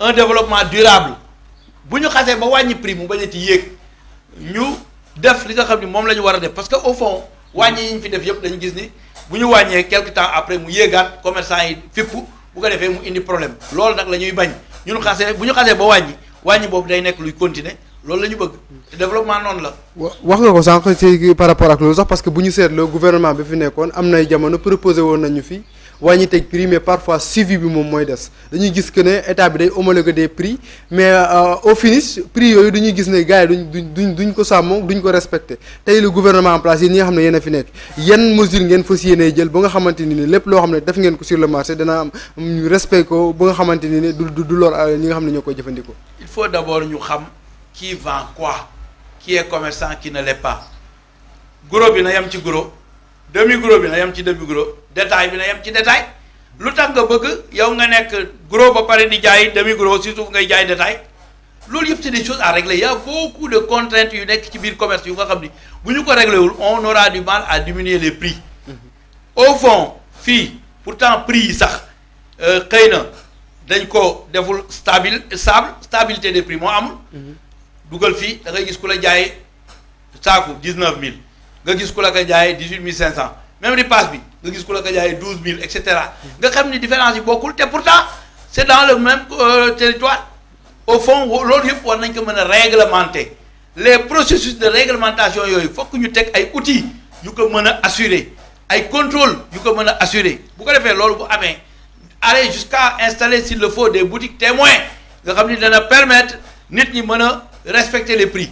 un développement durable bu ñu xasee ba wàññi prix mu bañ a ci yéeg ñu def li nga xam ni moom la ñu war a def parce que au fond wàññi yi ñu fi def yëpp dañu gis ni bu ñu wàññee quelque temps après mu yéegaat commerçant yi fipp bu ko defee mu indi problème loolu nag la ñuy bañ ñun xasee bu ñu xasee ba wàññi wàññi boobu day nekk luy continuer loolu lañu ñu bëgg te développement noonu la. wax nga ko sànq ci par rapport ak loolu sax parce que bu ñu seetloo gouvernement bi fi nekkoon am nay jamono proposé woon nañu fi. wàññi teg prix mais parfois suivi bi moom mooy des dañuy gis que ne état bi day homologuer des prix mais euh, au finish prix yooyu dañuy gis ne gars yi duñ duñ duñ ko sàmm duñ ko respecté tey le gouvernement en place yéen ñi nga xam ne yéen a fi nekk yan mesure ngeen fas yéenee jël ba nga xamante ni ne lépp loo xam ne def ngeen ko sur le marché dana am ñu respect ko ba nga xamante ni ne du du lool euh, ñi nga xam ne ñoo koy jëfandikoo. il faut d'abord ñu xam qui vend quoi qui est commerçant qui ne l'est pas gros bi na yam ci gros. demi gros bi na yem ci demi gros détail bi na yem ci détail lu tax nga bëgg yow nga nekk gros ba pare di jaay demi gros si suuf ngay jaay détail loolu yëpp c'est des choses à régler il y a beaucoup de contraintes yu nekk ci biir commerce yu nga xam ni bu ñu ko réglé wul on aura du mal à diminuer les prix mm-hmm. au fond fii pourtant prix yi sax euh, xëy na dañ ko deful stable stable stabilité des prix moo amul mm-hmm. dugal fii da gis ku la jaay saaku dix mille nga gis ko la ko jaayee dix huit mille cinq cent même ripaas bi nga gis ko la ko jaayee douze mille et cetera nga xam ni différence yi bokkul te pourtant c' est dans le même euh, territoire au fond loolu yëpp war nañ ko mën a réglementer les processus de réglementation yooyu fokk ñu teg ay outils ñu ko mën a assurer ay contrôle ñu ko mën a assurer bu ko defee loolu bu amee aller jusqu'à installer s'il le faut des boutiques témoins nga xam ni dana permettre nit ñi mën a respecter les prix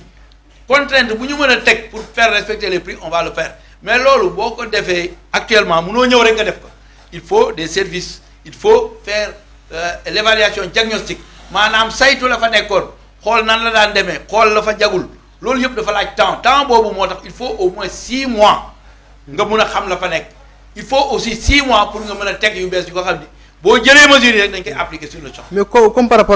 contrainte bu ñu mën a teg pour faire respecter les prix on va le faire mais loolu boo ko defee actuellement mënoo ñëw rek nga def ko il faut des service il faut faire euh, l' évaluation diagnostique maanaam saytu la fa nekkoon xool nan la daan demee xool la fa jagul loolu yëpp dafa laaj temps temps boobu moo tax il faut au moins six mois nga mun a xam la fa nekk il faut aussi six mois pour nga mën a teg yu bees yu ko xam ni boo jëlee mesures yi rek dañ koy appliquer comme par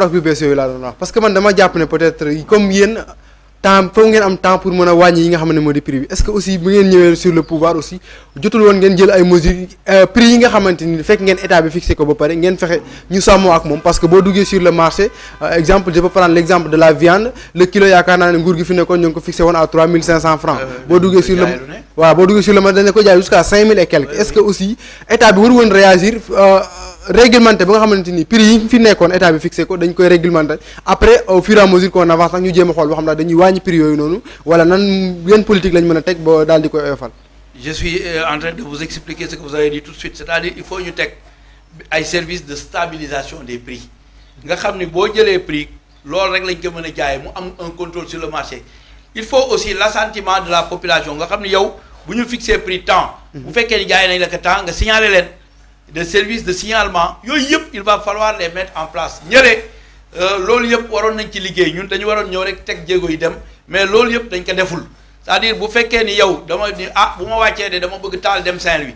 temps foog ngeen am temps pour mën a wàññi yi nga xam ne moo di prix bi est-ce que aussi bu ngeen ñëwee sur le pouvoir aussi jotul woon ngeen jël ay mesures euh, prix yi nga xamante fekk ngeen état bi fixé ko ba pare ngeen fexe ñu sàmmoo ak moom parce que boo duggee sur le marché euh, exemple je peux prendre l'exemple de la viande le kilo yaakaar naa ne nguur gi fi nekkoon ñu ngi ko fixé woon à 3500 francs euh, boo duggee sur boo duggee sur le marché ko jaay jusqu'à réglementé ba nga xamante ni prix yi fi nekkoon état bi fixé ko dañ koy réglementé après au fur et à mesure qu'on avance nag ñu jéem a xool boo xam daal dañuy wàññi prix yooyu noonu wala nan yan politique lañ mën a teg ba daal di koy oyofal. je suis euh, en train de vous expliquer ce que vous avez dit tout de suite c'est-à-dire il faut ñu teg ay services de stabilisation des prix nga xam ni boo jëlee prix loolu rek lañ ko mën a jaayee mu am un contrôle sur le marché il faut aussi l'assentiment de la population nga xam ni yow bu ñu fixé prix temps bu fekkee ni temps nga signalé leen. de service de signalement yooyu yëpp il va falloir les mettre en place ñële euh, loolu yëpp waroon nañ ci liggéey ñun dañu waroon ñëw rek teg jéego yi dem mais loolu yëpp dañ ko deful c'est-à-dire bu fekkee ni yow dama ni ah bu ma wàccee de dama bëgg taal dem Saint-Louis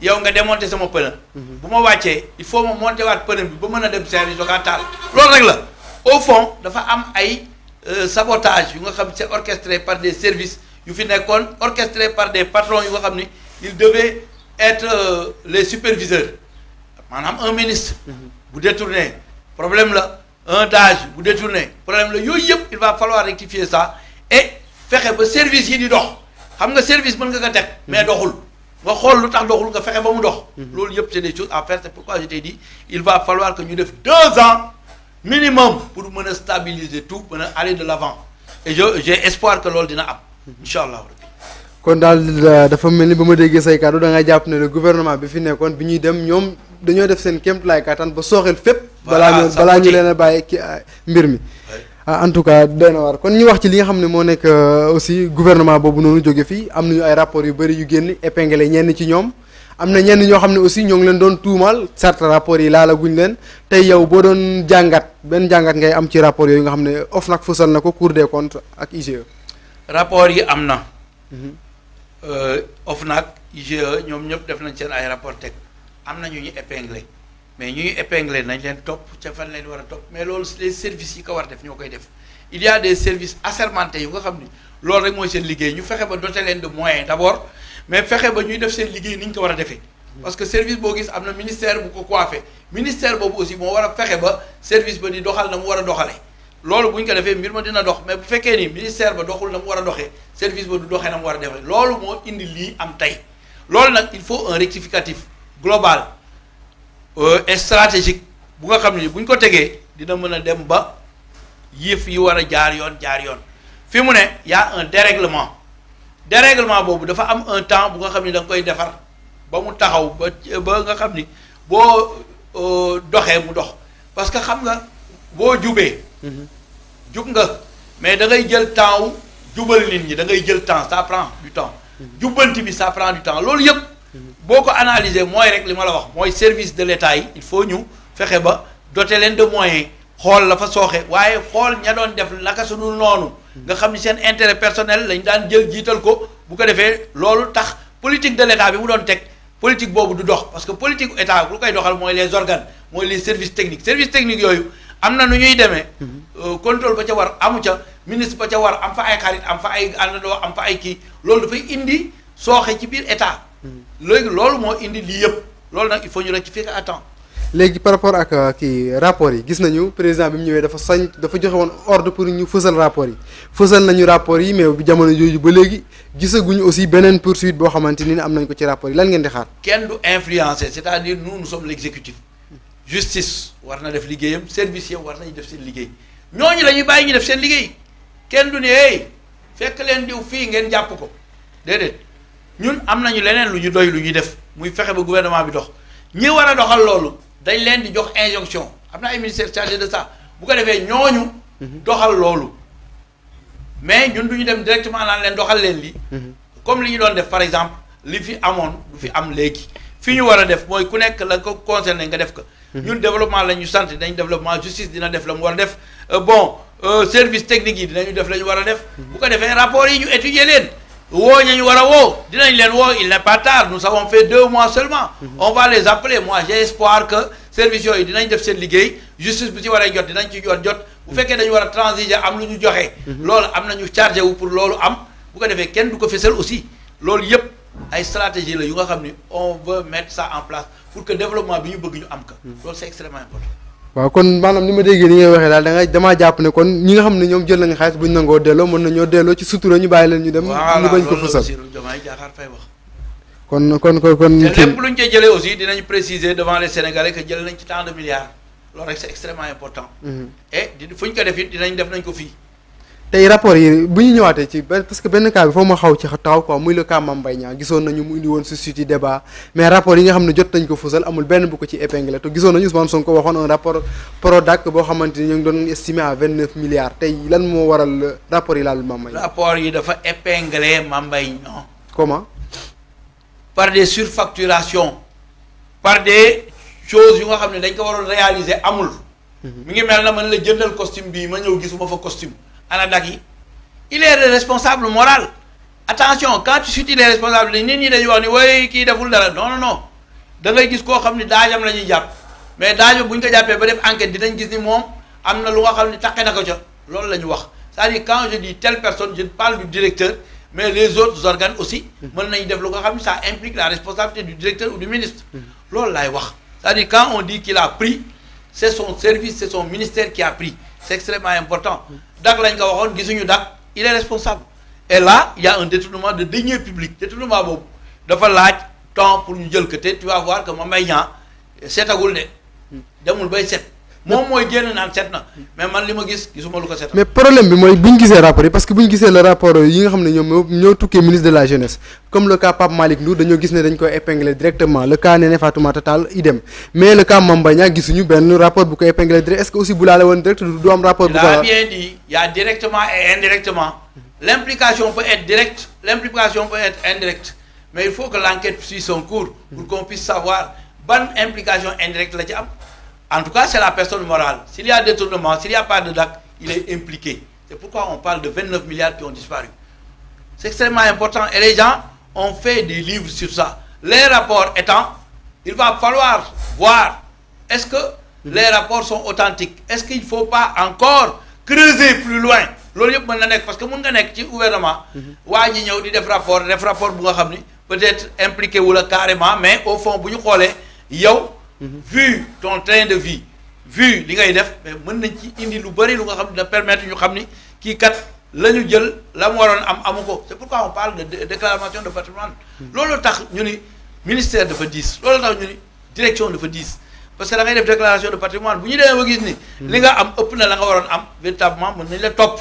yow nga démonté sama pneu mhm. bu ma wàccee il faut ma monté waat pneu bi ba mën a dem Saint-Louis soogaa taal loolu rek la au fond dafa am ay euh, sabotage yu nga xam c'est orchestré par des services yu fi nekkoon orchestré par des patrons yu xam ni il devait être euh, les superviseurs maanaam un ministre. Mhm. bu détourné problème la un DAGE bu détourné problème la yooyu yëpp il va falloir rectifier sa et fexe ba service yi di dox xam nga service mën nga ko teg. mais mhm. doxul nga xool lu tax doxul nga fexe ba mu dox. Mhm. loolu yëpp c'est des choses à faire c'est pourquoi je dit il va falloir que ñu def deux ans minimum pour mën a stabiliser tout mën a aller de l'avant et je j'ai espoir que loolu dina am. incha allah. kon daal euh, dafa mel ni ba ma déggee say kàddu da jàpp na le gouvernement bi fi nekkoon bi ñuy dem ñoom dañoo def seen kéemtulaay kattan ba sooxel fépp. balaa ñu balaa leen a bàyyi ki euh, mbir mi. Ah, en tout cas doy na kon ñu wax ci li nga xam ne moo nekk euh, aussi gouvernement boobu noonu jóge fii am nañu ay rapports yu bëri yu génn épinglé ñenn ci ñoom. am na ñenn ñoo xam ne aussi ñoo ngi leen doon tuumaal certes rapport yi laala guñ leen tey yow boo doon jàngat benn jàngat ngay am ci rapport yooyu nga xam ne OFNAC fësal na ko Cour des ak IGE. rapport yi am na. Mhm. Euh, OFNAC IGE ñoom ñëpp def nañ seen ay rapport teg am na ñu ñu épinglé mais ñu ñu épinglé nañ leen topp ca fan leen war a topp mais loolu les services yi ko war a def ñoo koy def il y a des services assermentés yu nga xam ni loolu rek mooy seen liggéey ñu fexe ba doter leen de moyens d'abord mais fexe ba ñuy def seen liggéey ni ñu ko war a defee. parce que service boo gis am na ministère bu ko coiffé ministère boobu aussi moo war a fexe ba service ba di doxal na mu war a loolu bu ñu ko defee mbir ma dina dox mais bu fekkee ni ministère ba doxul na mu war a doxee service ba du doxee na mu war a defee loolu moo indi lii am tey loolu nag il faut un rectificatif global euh, et stratégique bu nga xam ne bu ñu ko tegee dina mën a dem ba yëf yi war a jaar yoon jaar yoon fi mu ne y un déréglement dérèglement boobu dafa am un temps bu nga xam ni da koy defar ba mu taxaw ba ba nga xam ni boo euh, doxee mu dox parce que xam nga boo jubee jub nga mais da ngay jël temps wu jubal nit da ngay jël temps ça prend du temps jubbanti bi ça prend du temps loolu yëpp boo ko analyser mooy rek li ma la wax mooy service de l'État yi il faut ñu fexe ba doter leen de moyens xool la fa sooxee waaye xool ña doon def naka su dul noonu nga xam ni seen intérêt personnel lañu daan jël jiital ko bu ko defee loolu tax politique de l'État bi mu doon teg politique boobu du dox parce que politique état lu koy doxal mooy les organes mooy les services techniques services techniques yooyu am na nu ñuy demee. Mm-hmm. Euh, contrôle ba ca war amu ca ministre ba ca war am fa ay xarit am fa ay na loo am fa ay kii loolu dafay indi sooxe ci biir état. Mm-hmm. léegi loolu moo indi lii yëpp loolu nag il faut ñu rectifier à temps. léegi par rapport ak euh, kii rapport yi gis nañu président bi mu ñëwee dafa sañ dafa joxe woon ordre pour ñu fësal rapport yi fësal nañu rapport yi mais bu jamono jooju ba léegi gisaguñu aussi beneen poursuite boo xamante ni am nañ ko ci rapport yi lan di xaar. kenn du influencer cest à justice war na def liggéeyam service yam war nañ def seen liggéey ñooñu la ñuy bàyyi ñu def seen liggéey kenn du ne fekk leen diw fii ngeen jàpp ko déedéet ñun am nañu leneen lu ñu doy lu ñuy def muy fexe ba gouvernement bi dox ñi war a doxal loolu dañ leen di jox injonction am na ay ministère chargé de sax bu ko defee ñooñu. Mhm. doxal loolu. mais ñun du ñu dem directement naan leen doxal leen li mhm. comme li ñu doon def par exemple li fi amoon du fi am léegi fi ñu war a def mooy ku nekk la ko concerné nga def ko. Mm-hmm. ñun développement la ñu sant dinañ développement justice dina def la mu war a euh, bon euh, service technique yi dinañu def la ñu war a def. Mm-hmm. bu ko defee rapport yi ñu étudier leen. woo ñu war a woo dinañ leen woo il n'est pas tard nous avons fait deux mois seulement. Mm-hmm. on va les appeler moi j'ai espoir que service yooyu dinañ def seen liggéey justice bu ci waree jot dinañ ci jot jot. bu fekkee dañu war a transiger am lu ñu joxe. loolu am nañu chargé wu pour loolu am bu ko defee kenn du ko fësal aussi loolu yëpp ay stratégie la yu nga xam ni on veut mettre ça en place. pour que développement bi ñu bëgg ñu am ka loolu c'est extrêmement important. waaw kon maanaam ni ma déggee ni ngay waxee daal da damaa jàpp ne kon ñi nga xam ne ñoom jël nañu xaalis bu ñu nangoo delloo mën nañoo delloo ci sutura ñu bàyyi leen ñu dem. ñu ko fësal Diomaye Diakhar Faye wax. kon kon kon kon. Mhm. fu ñu ko def it dinañ def nañ ko fii. tey rapport yi bu ñu ñëwaatee ci parce que benn cas bi foo ma xaw ci taxaw quoi muy le cas Mame Mbaye Niang gisoon nañu mu indi woon si suite yi débat mais rapport yi nga xam ne jot nañ ko fusal amul benn bu ko ci épinglé te gisoon nañu Ousmane Sonko waxoon un rapport Prodac boo xamante ni ñu doon estimé à vingt neuf milliards tey lan moo waral rapport yi laalul Mame Mbaye Niang. rapport yi dafa épinglé Mame Mbaye Niang. comment. par de surfacturations par des choses yu nga xam ne dañ ko waroon réaliser amul. Mhm. mi ngi mel na man la jëndal costume bii ma ñëw gisuma fa costume. ana dag yi il est responsable moral attention quand tu cites les responsables nit ñi dañuy wax ni way kii deful dara non non non dangay gis koo xam ni daajam la ñuy jàpp mais daajo bu ñu ko jàppee ba def enquête dañ gis ni moom am na lu nga xam ni taqe na ko ca loolu la ñu wax c'est-à-dire quand je dis telle personne je parle du directeur mais les autres organes aussi mën nañ def lu nga xam ni ça implique la responsabilité du directeur ou du ministre loolu wax c'est-à-dire quand on dit qu'il a pris c'est ministère qui a pris c'est important dak lañ ko waxoon gisuñu dak il est responsable et la il y un détournement de deniers publics détournement boobu dafa laaj temps pour ñu jël ko te tu vas ma may Mame seetagul de hmm. demul bay set moom mooy génn naan set na mais man li ma gis gisuma lu ko set mais problème bi mooy bu ñu gisee rapport yi parce que bu ñu gisee le rapport yi nga xam ne ñoo tukkee ministre de la jeunesse comme le cas Pape Malick Ndour dañoo gis ne dañ koy épingler directement le cas Néné Fatoumata Tall idem mais le cas Mame Mbaye Niang gisuñu benn rapport bu ko épingler direct est-ce que aussi bu laale woon direct du am rapport bu ko il a bien dit et indirectement l'implication peut être directe l'implication peut être indirecte mais il faut que l'enquête suive la ci am En tout cas, c'est la personne morale. S'il y a détournement, s'il n'y a pas de DAC, il est impliqué. C'est pourquoi on parle de 29 milliards qui ont disparu. C'est extrêmement important. Et les gens ont fait des livres sur ça. Les rapports étant, il va falloir voir est-ce que les rapports sont authentiques. Est-ce qu'il ne faut pas encore creuser plus loin loolu yëpp mën na nekk parce que mun na nekk ci gouvernement. Mhm. waa ñi ñëw di def rapport def rapport bu nga xam ni peut-être impliqué wu la carrément mais au fond bu ñu xoolee yow. vu ton train de vie vu li ngay def mais mën nañ ci indi lu bëri lu nga xam ne da permettre ñu xam ni kii kat la ñu jël la mu waroon am amu ko c'est pourquoi on parle de déclaration de patrimoine hmm. loolu tax ñu ni ministère dafa diis loolu tax ñu ni direction dafa diis parce que da ngay def déclaration de patrimoine bu ñu demee ba gis ni hmm. li nga am ëpp na la nga waroon am véritablement mën nañ la topp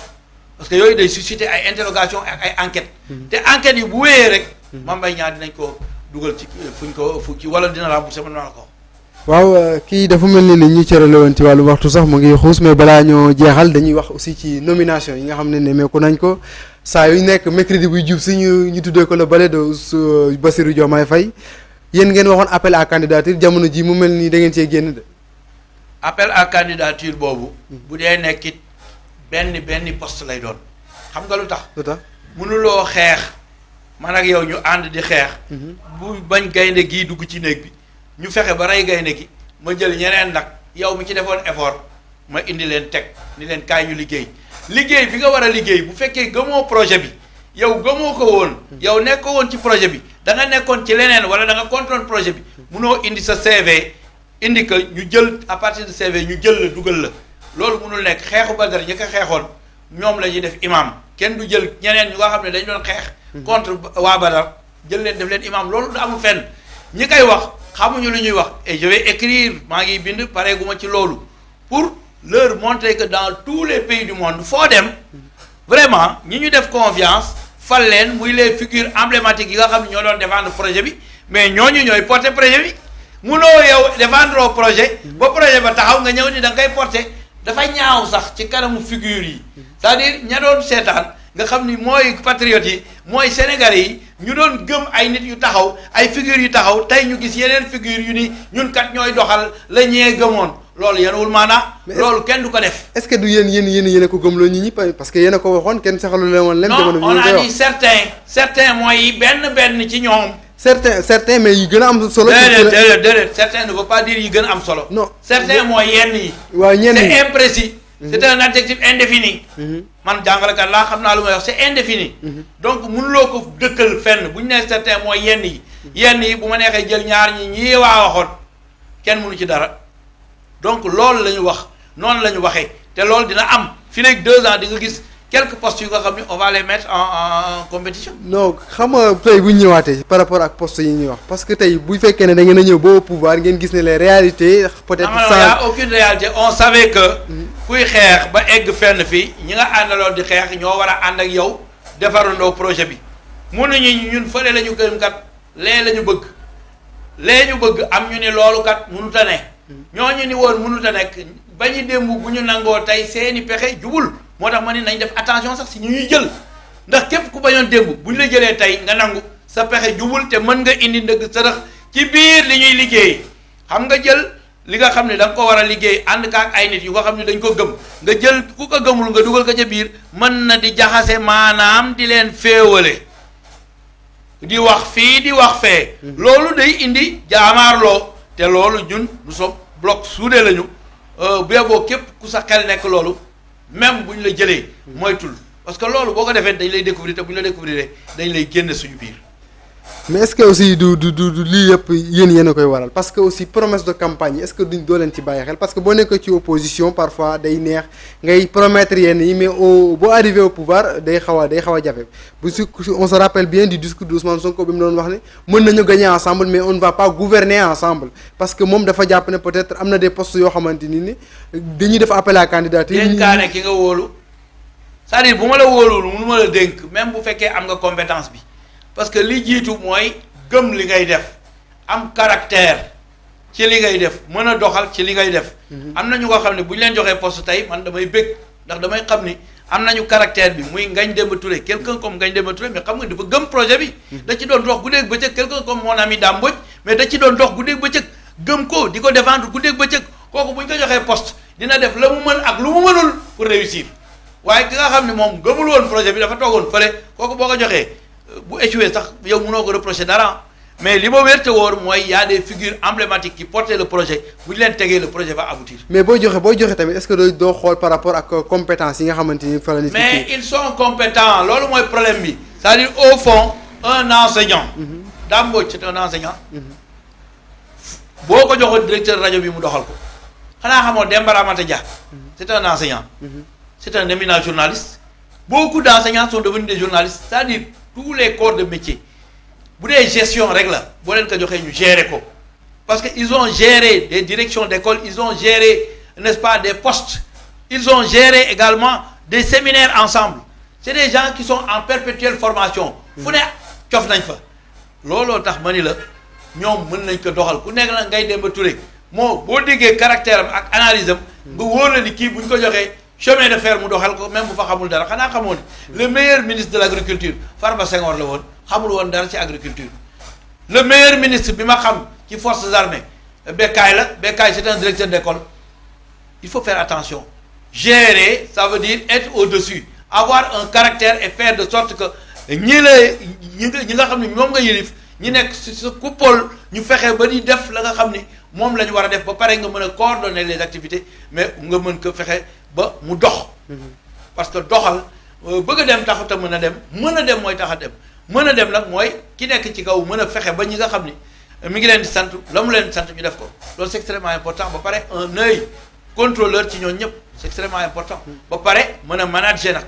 parce que yooyu de susciter ay interrogation ak ay enquêtes hmm. te enquêtes yi bu wéyee rek Mame Mbaye Niang dinañ dugal ci euh, fuñ ko fu wala dina rembourser mën naa la ko waaw euh, kii dafa mel ni li ñu cërale woon ci wàllu waxtu sax mu ngi xuus mais balaa ñoo jeexal dañuy wax aussi ci nomination yi nga xam ne ne meeku nañ ko saa yu nekk mercredi buy jub si ñu ñu tuddee ko le ballet de euh, Bassirou Diomaye fay yéen ngeen waxoon appel à candidature jamono ji mu mel nii da ngeen génn de. appel à candidature boobu. bu dee nekkit benn benn post lay doon. xam nga lu tax. lu tax mënuloo xeex man ak yow ñu ànd di xeex. Mhm. bu bañ gaynde gii dugg ci néeg bi. ñu fexe ba rey gaynde gi ma jël ñeneen nag yow mi ci defoon effort ma indi leen teg ni leen kaay ñu liggéey liggéey bi nga war a liggéey bu fekkee gëmoo projet bi yow gëmoo ko woon yow nekkoo woon ci projet bi da nekkoon ci leneen wala danga nga projet bi munoo indi sa CV indi que ñu jël à partir de CV ñu jël la dugal la loolu munul nekk xeexu Badar ñi ko xeexoon ñoom la ñuy def imam kenn du jël ñeneen ñu nga xam ne dañ doon xeex hmm. contre waa Badar jël leen def leen imam loolu du fenn ñi koy wax xamuñu lu ñuy wax et je vais écrire maa ngi bind pareeguma ci loolu pour leur montrer que dans tous les pays du monde foo dem vraiment ñi ñu def confiance fal leen muy les figures emblématiques yi nga xam ne ñoo doon défendre projet bi mais ñoo ñooñu ñooy porter projet bi munoo yow défendre projet ba projet ba taxaw nga ñëw ni da ngay porter dafa ñaaw sax ci kanamu figure yi c'est-à-dire ña doon seetaan nga xam ni mooy patriotes yi mooy sénégalais yi ñu doon gëm ay nit yu taxaw ay figures yu taxaw tey ñu gis yeneen figures yu ni ñun kat ñooy doxal la ñee gëmoon loolu yenuwul maanaa loolu kenn du ko def. est-ce que du yéen yéen yéen yéen a ko gëmloo ñi ñi parce que yéen a ko waxoon kenn saxalu leen woon leen. jamono bi ñu non on a dit certains certains mooy benn benn ci ñoom. certains certains mais yi gën a am solo. déedéet déedéet déedéet certains ne veut pas am solo. non certains mooy yenn yi. waaw ñenn man jàngalekat laa xam naa lu may wax c'est indéfini. Mhm. donc mënuloo ko dëkkal fenn bu ñu nee certain mooy yenn yi. Mhm. yenn yi bu ma neexee jël ñaar ñi ñii waa waxoon kenn mënu ci dara donc loolu la wax noonu la ñu waxee te loolu dina am fi léegi deux ans di nga gis quelques postes yu nga xam ne on va en compétition. non xam nga tey bu ñu ñëwaatee. par rapport ak postes yi ñuy wax parce que tey bu fekkee ne da na a ñëw ba pouvoir ngeen gis ne les réalité peut-être sans y a réalité on savait que. kuy xeex ba egg fenn fii ñi nga àndaloon di xeex ñoo war a ànd ak yow defarandoo projet bi mënuñu ñun fële la ñu gëm kat lee la ñu bëgg lee ñu bëgg am ñu ni loolu kat mënut a ne. Mm. ñooñu ni woon mënut a nekk ba ñu démb ñu nangoo tey seeni pexe jubul. moo tax ma ne nañ def attention sax si ñu ñuy jël ndax képp ku bañoon démb bu ñu la jëlee tey nga nangu sa pexe jubul te mën nga indi ndëgg sërëx ci biir li ñuy liggéey xam nga jël li nga xam ne da nga ko war a liggéey ànd kaak ay nit yu nga xam ne dañ ko gëm nga jël ku ko gëmul nga dugal ko ca biir mën na di jaxase maanaam di leen féewale di wax fii di wax fee hmm. loolu day indi jaamaarloo te loolu ñun nous sommes bloc soudé lañu euh, bee boo képp ku sa xel nekk loolu même bu ñu la jëlee moytul parce que loolu boo ko defee dañ lay découvrir te bu ñu la découvrir dañ lay génne suñu biir mais est-ce que aussi du du du lii yëpp yéen yéen a koy waral parce que aussi promesse de campagne est-ce que duñ doo leen ci bàyyi xel parce que boo nekkee ci opposition parfois day neex ngay promettre yenn yi mais au boo arrivé au pouvoir day xaw a day xaw a jafe bu si on se rappelle bien du discours d'Ousmane Sonko bi mu doon wax ne mën nañu gagner ensemble mais on va pas gouverner ensemble parce que moom dafa jàpp ne peut-être am na des postes yoo xamante ni ni dañuy def appel à candidature. dénkaane ki nga wóolu bu ma la wóolul mënu ma la dénk même bu fekkee am nga compétence bi. parce que li jiitu mooy gëm li ngay def am caractère ci li ngay def mën a doxal ci li ngay def. Mhm. am na ñu ko xam ne bu ñu leen joxee post tey man damay bëgg ndax damay xam ni am ñu caractère bi muy Ngagne Demba Touré quelqu'un comme ngañ Demba Touré mais xam nga dafa gëm projet bi. Mhm. da ci doon dox guddeeg bëccëg quelqu'un comme mon ami Dame Mbodj mais da ci doon dox guddeeg bëccëg gëm ko di ko défendre guddeeg bëccëg kooku bu ñu ko joxee poste dina def la mu mën ak lu mu pour réussir waaye ki nga xam ne moom gëmul woon projet bi dafa toogoon fële kooku boo ko joxee. bu échoué sax yow mënoo ko reproché dara mais li ma wér te wóor mooy y a des figures emblématiques qui portaient le projet bu ñu leen tegee le projet va aboutir. mais booy joxe booy joxe tamit est-ce que doo xool par rapport ak compétence yi nga xamante ni fa la nit mais ils sont compétents loolu mooy problème bi c'est-à-dire au fond un enseignant. Mhm. Dame Mbodj c'est un enseignant. Mhm. boo ko joxoon directeur rajo bi mu doxal ko xanaa xamoo Demba Ramata Dia. Mhm. c'est un enseignant. c'est un éminent journaliste. beaucoup d'enseignants sont devenus des journalistes c'est-à-dire. tous les corps de métier bu dee gestion rek la boo leen ko joxee ñu gérer ko parce que ils ont géré des directions d'école ils ont géré n'est-ce pas des postes ils ont géré également des séminaires ensemble c'est des gens qui sont en perpétuelle formation fu ne cof nañ fa looloo tax ma ni la ñoom mën nañ ko doxal ku nekk la ngay dem ba Touré moo boo déggee caractère am ak analyse am nga wóor la ni kii bu ñu ko joxee chemin de fer mu doxal ko même bu fa xamul dara xanaa xamoo ne le meilleur ministre de l' agriculture Farba Senghor la woon xamul woon dara ci agriculture le meilleur ministre bi ma xam ci forces armées Bekkaay la Bekkaay c' est un directeur d' il faut faire attention gérer ça veut dire être au-dessus avoir un caractère et faire de sorte que ñi lay ñi nga xam ne moom nga yilif ñi nekk si sa coupole ñu fexe ba di def la nga xam ni moom la ñu war a def ba pare nga mën a coordonner les activités mais nga mën ko fexe ba mu dox. Mhm. parce que doxal euh, bëgg a dem taxut a mën a dem mën a dem mooy tax a dem mën a dem nag mooy ki nekk ci kaw mën a fexe ba ñi nga xam ni euh, mi ngi leen di sant la mu leen di sant ñu def ko loolu c'est extrêmement important ba pare un œil contrôleur ci ñooñu ñëpp c'est extrêmement important. Mhm. ba pare mën a manager nag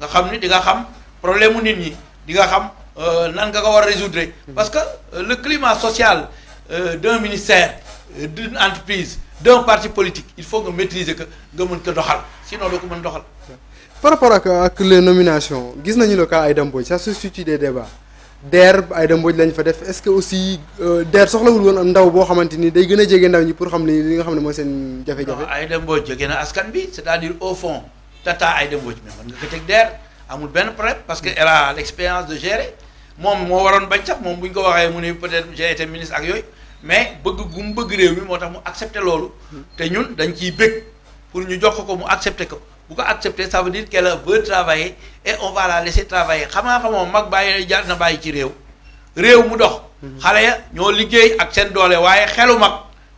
nga xam ni di nga xam problème mu nit ñi di nga xam euh, nan nga ko war a résoudre. Mhm. parce que le climat social d'un ministère d'une entreprise. donc parti politique il faut nga maîtriser que nga mën ko doxal sinon doo ko mën doxal. par rapport ak ak les nominations gis nañu le cas Aïda Mbodj ça suscite des débats DER Aïda Mbodj lañ fa def est-ce que aussi euh, DER soxlawul woon am ndaw boo xamante ni day gën a jege ndaw ñi pour xam li li nga xam ne mooy seen jafe-jafe. non Aïda Mbodj jege na askan bi c'est-à-dire au fond tata Aïda Mbodj mais mën nga ko teg DER amul benn problème parce que elle a l'expérience de gérer moom moo waroon bañ sax moom bu ñu ko waxee mu mais bëgg gu mu bëgg réew mi moo tax mu accepté loolu te ñun dañ ciy bëgg pour ñu jox ko mu accepté ko bu ko accepté ça veut dire qu'elle veut travailler et on va la laisser travailler xam naa mag bàyyi jaar na bàyyi ci réew réew mu dox xale ya ñoo liggéey ak seen doole waaye xelu mag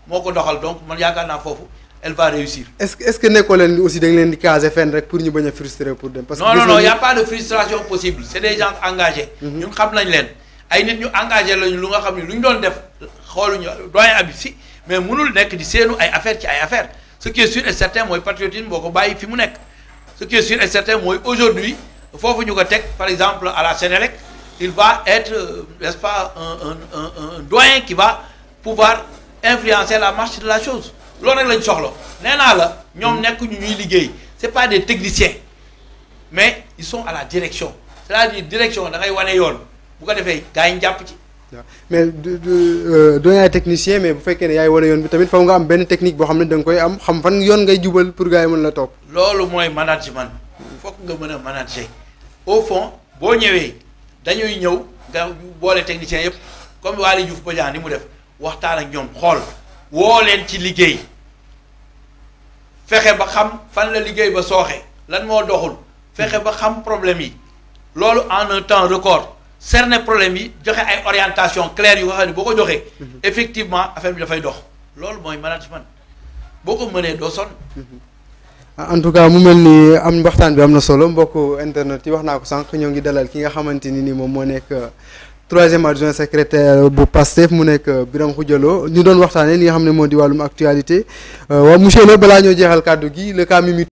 moo ko doxal donc man yaakaar naa foofu elle réussir. est-ce est nekkoo leen aussi da leen di caser fenn rek pour ñu bañ a frustrer pour dem. parce que non non non y a pas de frustration possible c'est mhm. xam nañ leen. ay nit ñu engagé lañu lu nga xam ne lu ñu doon def xooluñu doyen abi mais mënul nekk di seenu ay affaire ci ay affaire ce qui est et certain mooy patriotisme boo ko bàyyi fi mu nekk ce qui est sûr et certain mooy aujourd'hui foofu ñu ko teg par exemple à la Sénélec il va être euh, n'est-ce pas un un un un doyen qui va pouvoir influencer la marche de la chose loolu rek lañ soxla neenaa la ñoom mm. nekk ñu ñuy liggéey c'est pas des techniciens mais ils sont à la direction cest direction da ngay wane yoon bu ko defee gars yi ñu jàpp ci. waaw mais du du euh, doo yaay technicien mais bu fekkee ne yaay wane yoon bi tamit faw nga am benn technique boo xam ne da koy am xam fan yoon ngay jubal pour gars yi mën la topp. loolu mooy management. fokk nga mën a manager. au fond boo ñëwee dañuy ñëw nga boole technicien yëpp comme Waly Diouf Bodian ni mu def waxtaan ak ñoom xool woo leen ci liggéey fexe ba xam fan la liggéey ba sooxee lan moo doxul fexe ba xam problème yi loolu en temps record. cerner problème yi joxe ay orientation claire yu nga xam ne boo ko joxee mhm. effectivement affaire bi dafay dox loolu mooy management boo ko mënee doo sonn mhm. en tout cas mu mel ni am waxtaan bi am na solo mbokk internet yi wax naa ko sànq ñoo ngi dalal ki nga xamante ni nii moom moo nekk euh, troisième adjoint secrétaire bu PASTEF mu nekk euh, Birame Khoudia Lo ñu doon waxtaanee li nga xam ne moo di wàllum actualité euh, waaw monsieur balaa ñoo jeexal kàddu gi le cas Mimi